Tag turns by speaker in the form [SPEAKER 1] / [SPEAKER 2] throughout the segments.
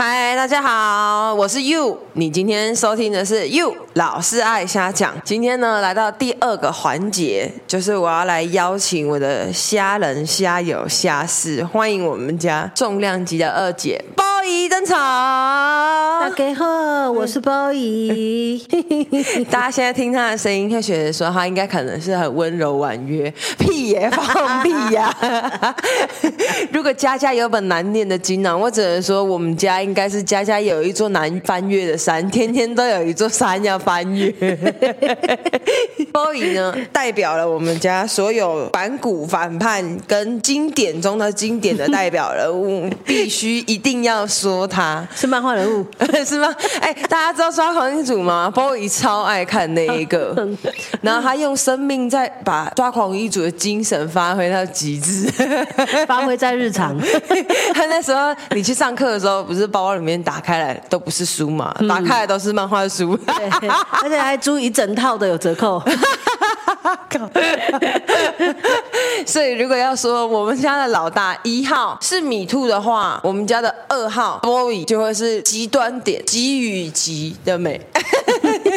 [SPEAKER 1] 嗨，Hi, 大家好，我是 Yu。你今天收聽的是 Yu 老是愛瞎講。今天呢，來到第二個環節，就是我要來邀請我的蝦人、蝦友、蝦士，歡迎我們家重量級的二姐 Bo 登場，大家好，我是包姨。大家現在聽他的聲音，他選擇說他應該可能是很溫柔婉約。屁也、欸、放屁呀、啊！如果家家有本難念的經呢，我只能說我們家應該是家家有一座難翻越的山，天天都有一座山要翻越。包 姨呢，代表了我們家所有反骨、反叛跟經典中的經典的代表人物，必須一定要是。說他是漫畫人物 是嗎？哎、欸，大家知道《抓狂一族》嗎？Bo 姨超愛看那一個，然後他用生命在把《抓狂一族》的精神發揮到極致， 發揮在日常。 他那時候你去上課的時候，不是包包裡面打開來都不是書嘛，嗯、打開來都是漫畫書 對，而且還租一整套的有折扣。 搞， 所以如果要說我們家的老大一號是米兔的話，我們家的二號 Bo 姨就會是極端點極與極的美，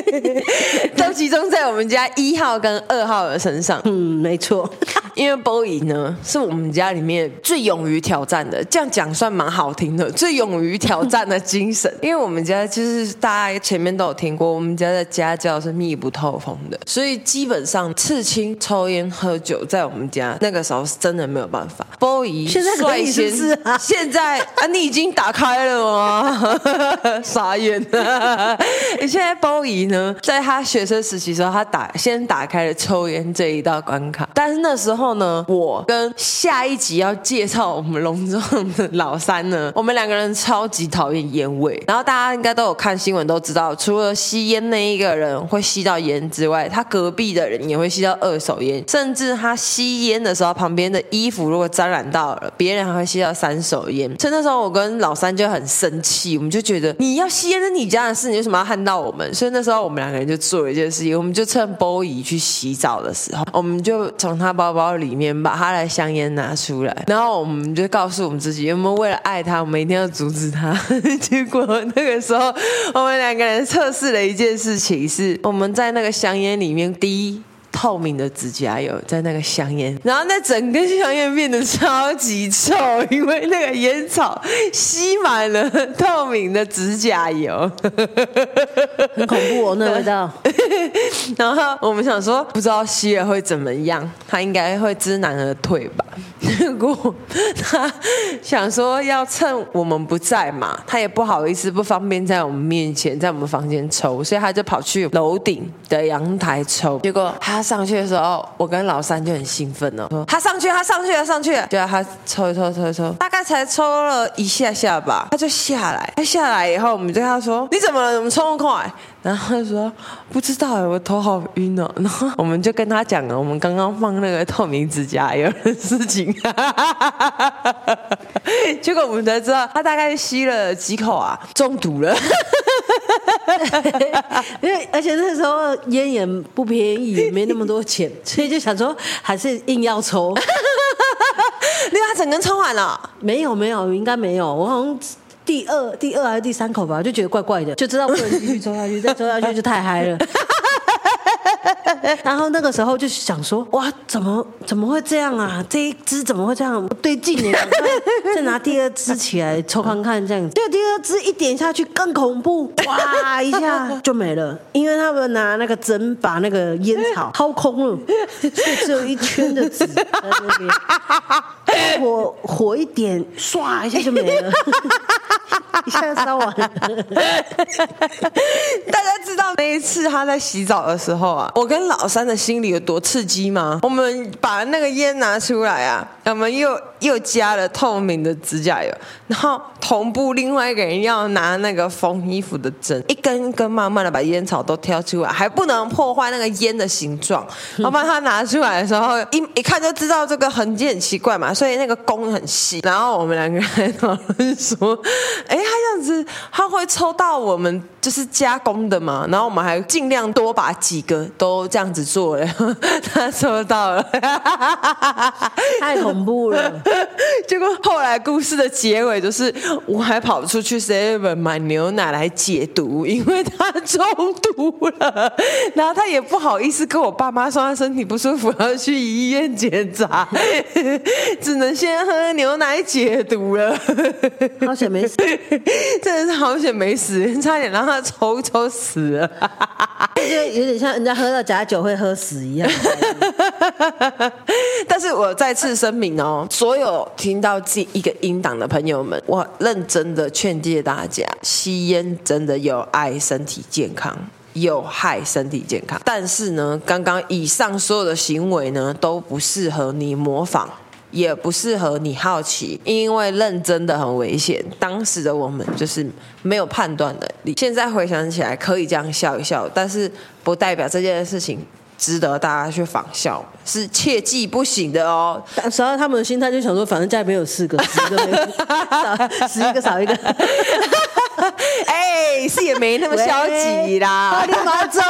[SPEAKER 1] 都集中在我們家一號跟二號的身上。嗯，沒錯， 因為 Bo 姨呢是我們家裡面最勇於挑戰的，這樣講算蠻好聽的，最勇於挑戰的精神。因為我們家就是大家前面都有聽過，我們家的家教是密不透風的，所以基本上。刺青、抽菸、喝酒，在我們家那個時候是真的沒有辦法。Bo 姨先現在可是你是、啊、現在啊，你已經打開了嗎？ 傻眼言、啊！你 現在 Bo 姨呢？在她學生時期的時候，她打先打開了抽菸這一道關卡。但是那時候呢，我跟下一集要介紹我們隆重的老三呢，我們兩個人超級討厭菸味。然後大家應該都有看新聞都知道，除了吸菸那一個人會吸到菸之外，他隔壁的人也。會吸到二手煙，甚至他吸煙的時候，旁邊的衣服如果沾染到了，別人還會吸到三手煙。所以那時候我跟老三就很生氣，我們就覺得你要吸煙是你家的事，你為什麼要害到我們？所以那時候我們兩個人就做了一件事情，我們就趁波姨去洗澡的時候，我們就從她包包裡面把她的香煙拿出來，然後我們就告訴我們自己，我們為了愛他，我們一定要阻止他。 結果那個時候，我們兩個人測試了一件事情，是我們在那個香煙裡面滴。第一透明的指甲油在那個香煙，然後那整根香煙變得超級臭，因為那個煙草吸滿了透明的指甲油，很恐怖哦，那味道。 然，後 然後我們想說，不知道吸了會怎麼樣，他應該會知難而退吧。結果他想說要趁我們不在嘛，他也不好意思不方便在我們面前在我們房間抽，所以他就跑去樓頂的陽台抽。結果他上去的時候，我跟老三就很興奮哦，說他上去，他上去了，他上去了，對啊，他抽一抽抽一抽，大概才抽了一下下吧，他就下來。他下來以後，我們對他說：“你怎麼了，怎麼抽那麼快？”然後他說：“不知道哎，我頭好暈哦。”然後我們就跟他講了，我們剛剛放那個透明指甲油的事情。 結果我們才知道，他大概吸了幾口啊，中毒了。因 為，而且那個時候煙
[SPEAKER 2] 也不便宜，也沒那麼多錢， 所以就想說還是硬要抽。因為他整根抽完了，沒有沒有，應該沒有，我好像。第二、第二還是第三口吧，我就覺得怪怪的，就知道不能繼續抽下去， 再抽下去就太嗨了。 然後那個時候就想說，哇，怎麼怎麼會這樣啊？這一支怎麼會這樣不對勁呢？再、 啊、拿第二支起來抽看看，這樣子，就第二支一點下去更恐怖，哇，一下就沒了。因為他們拿那個針把那個煙草掏空了，就只有一圈的紙在那邊，火火一點，唰一下就沒了，呵呵一下燒完
[SPEAKER 1] 了，大家。那一次他在洗澡的時候啊，我跟老三的心裡有多刺激嗎？我們把那個煙拿出來啊，我們又又加了透明的指甲油，然後同步另外一個人要拿那個縫衣服的針，一根一根慢慢的把煙草都挑出來，還不能破壞那個煙的形狀。我把它拿出來的時候，一一看就知道這個痕跡很奇怪嘛，所以那個工很細。然後我們兩個人討論說，哎，他這樣子他會抽到我們就是加工的嘛？然後。我們還盡量多把幾個都這樣子做了，他收到了，太恐怖了。結果後來故事的結尾就是，我還跑出去 Seven 買牛奶來解毒，因為他中毒了。然後他也不好意思跟我爸媽說他身體不舒服要去醫院檢查，只能先喝牛奶解毒了。好險沒死，真的是好險沒死，差點讓他抽抽死了。哈哈哈哈，有點像人家喝了假酒會喝死一樣。 但是我再次聲明哦，所有聽到這一個音檔的朋友們，我認真的勸誡大家，吸菸真的有害身體健康，有害身體健康。但是呢，剛剛以上所有的行為呢，都不適合你模仿。也不適合你好奇，因為認真的很危險。當時的我們就是沒有判斷能力。現在回想起來可以這樣笑一笑，但是不代表這件事情值得大家去仿效，是切記不行的哦。但實際上他
[SPEAKER 2] 們的心態就想說，反正家裡沒有四個，十個沒 少，十一個少一個，哎
[SPEAKER 1] 欸，是也沒那麼消極啦，立馬走，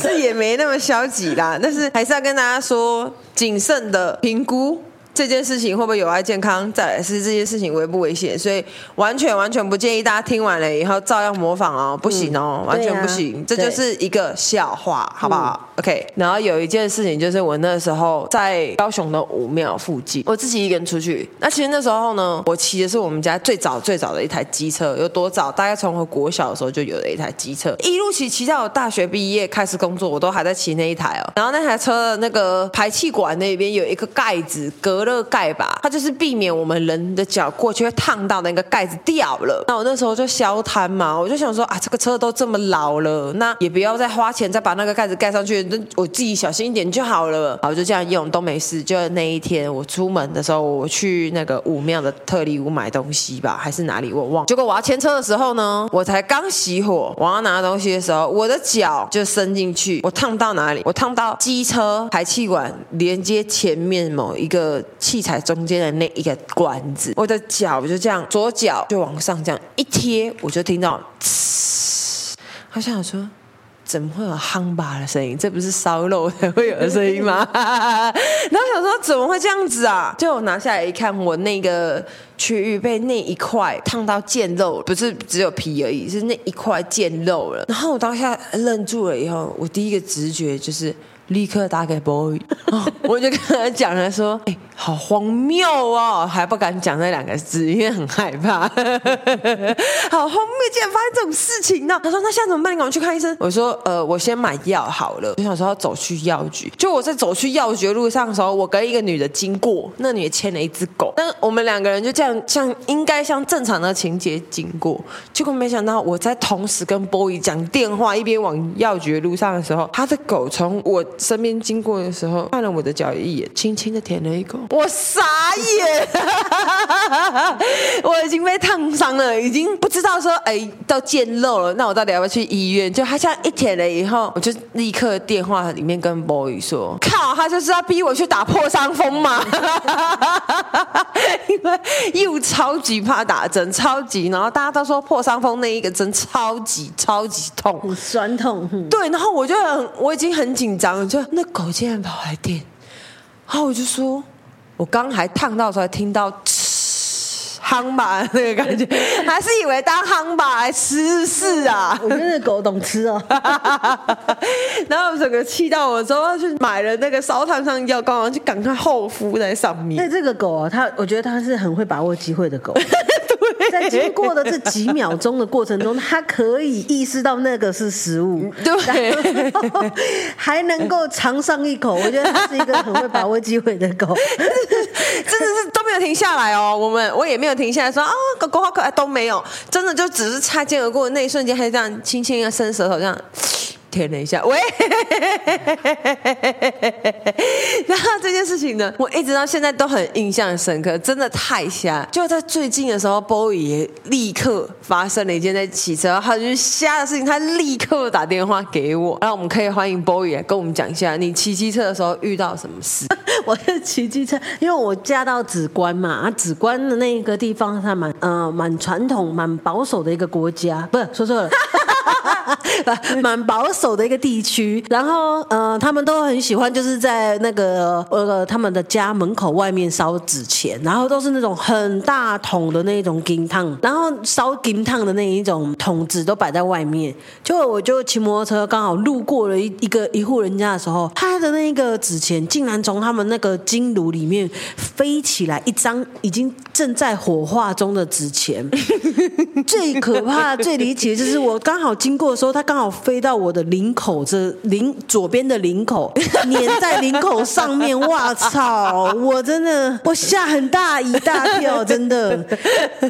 [SPEAKER 1] 是也沒那麼消極啦，但是還是要跟大家說。謹慎的評估這件事情會不會有礙健康，再來是這件事情危不危險，所以完全完全不建議大家聽完了以後照樣模仿哦，不行哦，嗯、完全不行，啊、這就是一個笑話，對好不好？嗯 OK，然後有一件事情就是我那時候在高雄的武廟附近，我自己一個人出去。那其實那時候呢，我騎的是我們家最早最早的一台機車，有多早？大概從我國小的時候就有了一台機車，一路騎騎到我大學畢業開始工作，我都還在騎那一台哦。然後那台車的那個排氣管那邊有一個蓋子，隔熱蓋吧，它就是避免我們人的腳過去會燙到那個蓋子掉了。那我那時候就消癱嘛，我就想說啊，這個車都這麼老了，那也不要再花錢再把那個蓋子蓋上去。我自己小心一點就好了，好就這樣用都沒事。就那一天我出門的時候，我去那個武廟的特力屋買東西吧，還是哪裡我忘了。結果我要牽車的時候呢，我才剛熄火，我要拿東西的時候，我的腳就伸進去，我燙到哪裡？我燙到機車排氣管連接前面某一個器材中間的那一個管子，我的腳就這樣，左腳就往上這樣一貼，我就聽到，好像有說。怎麼會有夯吧的聲音？這不是燒肉才會有的聲音嗎？ 然後想說怎麼會這樣子啊？就我拿下來一看，我那個區域被那一塊燙到見肉，不是只有皮而已，是那一塊見肉了。然後我當下愣住了，以後我第一個直覺就是。立刻打給 Bo 姨， 我就跟他講了說：“哎、欸，好荒謬啊、哦！還不敢講那兩個字，因為很害怕。 好荒謬，竟然發生這種事情呢、啊！”他說：“那現在怎麼辦？你趕快去看醫生。”我說：“呃，我先買藥好了。”我想說要走去藥局。就我在走去藥局的路上的時候，我跟一個女的經過，那女的牽了一隻狗。那我們兩個人就這樣，像應該像正常的情節經過。結果沒想到，我在同時跟 Bo 姨講電話，一邊往藥局的路上的時候，他的狗從我。身邊經過的時候，看了我的腳一眼，輕輕的舔了一口，我傻眼。哈哈哈哈。 我已經被燙傷了，已經不知道說哎，到見漏了，那我到底要不要去醫院？就他一一舔了以後，我就立刻電話裡面跟波 y 說：“靠，他就是要逼我去打破傷風嘛！” 因為又超級怕打針，超級，然後大家都說破傷風那一個針超級超級痛，酸痛。嗯、對，然後我就很我已經很緊張，就那狗竟然跑來舔，然後我就說，我剛還燙到時候，聽到。夯吧，那個感覺，還是以為當夯吧來吃屎啊！我覺得狗懂吃哦， 然後整個氣到我之後，去買了那個燒燙傷藥膏，然後就趕快厚敷在上面。那這個狗啊，它，我覺得它是很會把握機會的狗。 在經過的這
[SPEAKER 2] 幾秒鐘的過程中，他可以意識到那個是食物，對，對不對？還能夠嘗上一口。我覺得他是一個很會把握機會的狗，
[SPEAKER 1] 真的是都沒有停下來哦。我們我也沒有停下來說啊，狗狗好可愛，都沒有，真的就只是擦肩而過那一瞬間，還是這樣輕輕的伸舌頭這樣。聽了一下，喂， 然後這件事情呢，我一直到現在都很印象深刻，真的太瞎。就在最近的時候，Bo 姨立刻發生了一件在騎車，他就是瞎的事情，他立刻打電話給我，那我們可以歡迎 Bo 姨跟我們講一下，你騎機車的時候遇到什麼事？ 我是騎機車，
[SPEAKER 2] 因為我嫁到紫關嘛，啊，紫關的那個地方，它蠻呃蠻傳統、蠻保守的一個國家，不是說錯了。 哈哈， 蠻保守的一個地區，然後呃，他們都很喜歡就是在那個呃他們的家門口外面燒紙錢，然後都是那種很大桶的那一種金湯，然後燒金湯的那一種桶子，都擺在外面。就我就騎摩托車剛好路過了一一個一戶人家的時候，他的那個紙錢竟然從他們那個金爐裡面。飛起來一張已經正在火化中的紙錢，最可怕，最離奇的就是我剛好經過的時候，它剛好飛到我的領口這，這領左邊的領口粘在領口上面。哇，操！我真的我嚇很大一大跳，真的。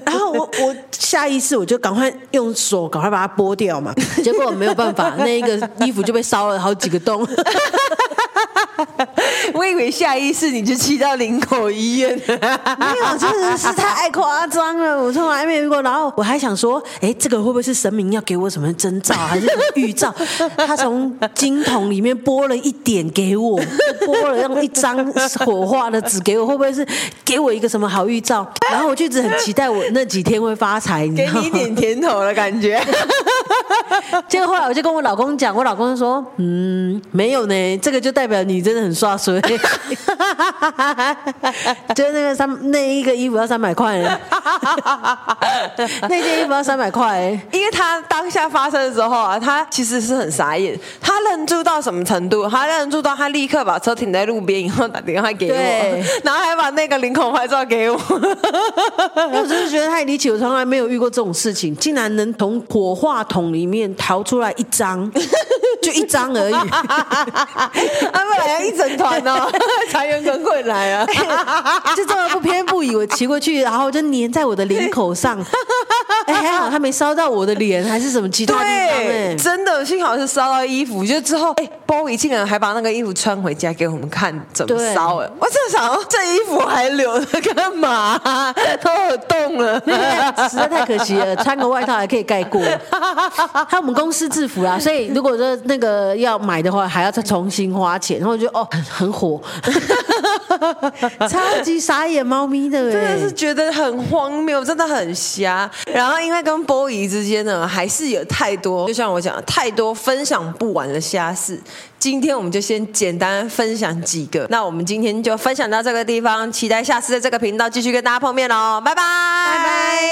[SPEAKER 2] 然後我，我下意識我就趕快用手趕快把它剝掉嘛，結果我沒有辦法，那一個衣服就被燒了好幾個洞。
[SPEAKER 1] 我以為下意識你就騎到領
[SPEAKER 2] 口。醫院 沒有，真的是太誇張了，我從來沒有遇過。然後我還想說，哎、欸，這個會不會是神明要給我什麼徵兆，還是什麼預兆？他從金桶裡面撥了一點給我，撥了用一張火化的紙給我，會不會是給我一個什麼好預兆？然後我就一直很期待，我那幾天會發財，然後給你一點甜頭的感覺。結 果後來我就跟我老公講，我老公就說，嗯，沒有呢，這個就代表你真的很衰。
[SPEAKER 1] 哈哈哈就是那個三那一個衣服要三百塊，哈哈哈哈哈！那件衣服要三百塊，因為他當下發生的時候啊，他其實是很傻眼，他愣住到什麼程度？他愣住到他立刻把車停在路邊，然後打電話給我，對然後還把那個領口拍照給我。 我真是，是覺得太離奇，我從來沒有遇過這種事
[SPEAKER 2] 情，竟然能從火化桶裡面逃出來一張， 就一張而已。 他們好像一整團哦，才有。跟會來啊、哎！就這麼不偏不倚，我騎過去， 然後就粘在我的領口上。對 哎、欸，還
[SPEAKER 1] 好他沒燒到我的臉，還是什麼其他地方、欸？對，真的，幸好是燒到衣服。就之後，哎、欸，Bo 姨竟然還把那個衣服穿回家給我們看，怎麼燒？哎對，我正想，這衣服還留着幹嘛、啊？都有洞了、欸欸，實在太可惜了。穿個外套還可
[SPEAKER 2] 以蓋過， 還有我們公司制服啊。所以如果說那個要買的話，還要再重新花錢。然後我覺得哦很，很火， 超級
[SPEAKER 1] 傻眼貓咪的、欸，真的是覺得很荒謬，真的很瞎。然後。那因為跟 Bo 姨之間呢，還是有太多，就像我講的，太多分享不完的蝦事。今天我們就先簡單分享幾個，那我們今天就分享到這個地方，期待下次在這個頻道繼續跟大家碰面哦。拜拜，拜拜。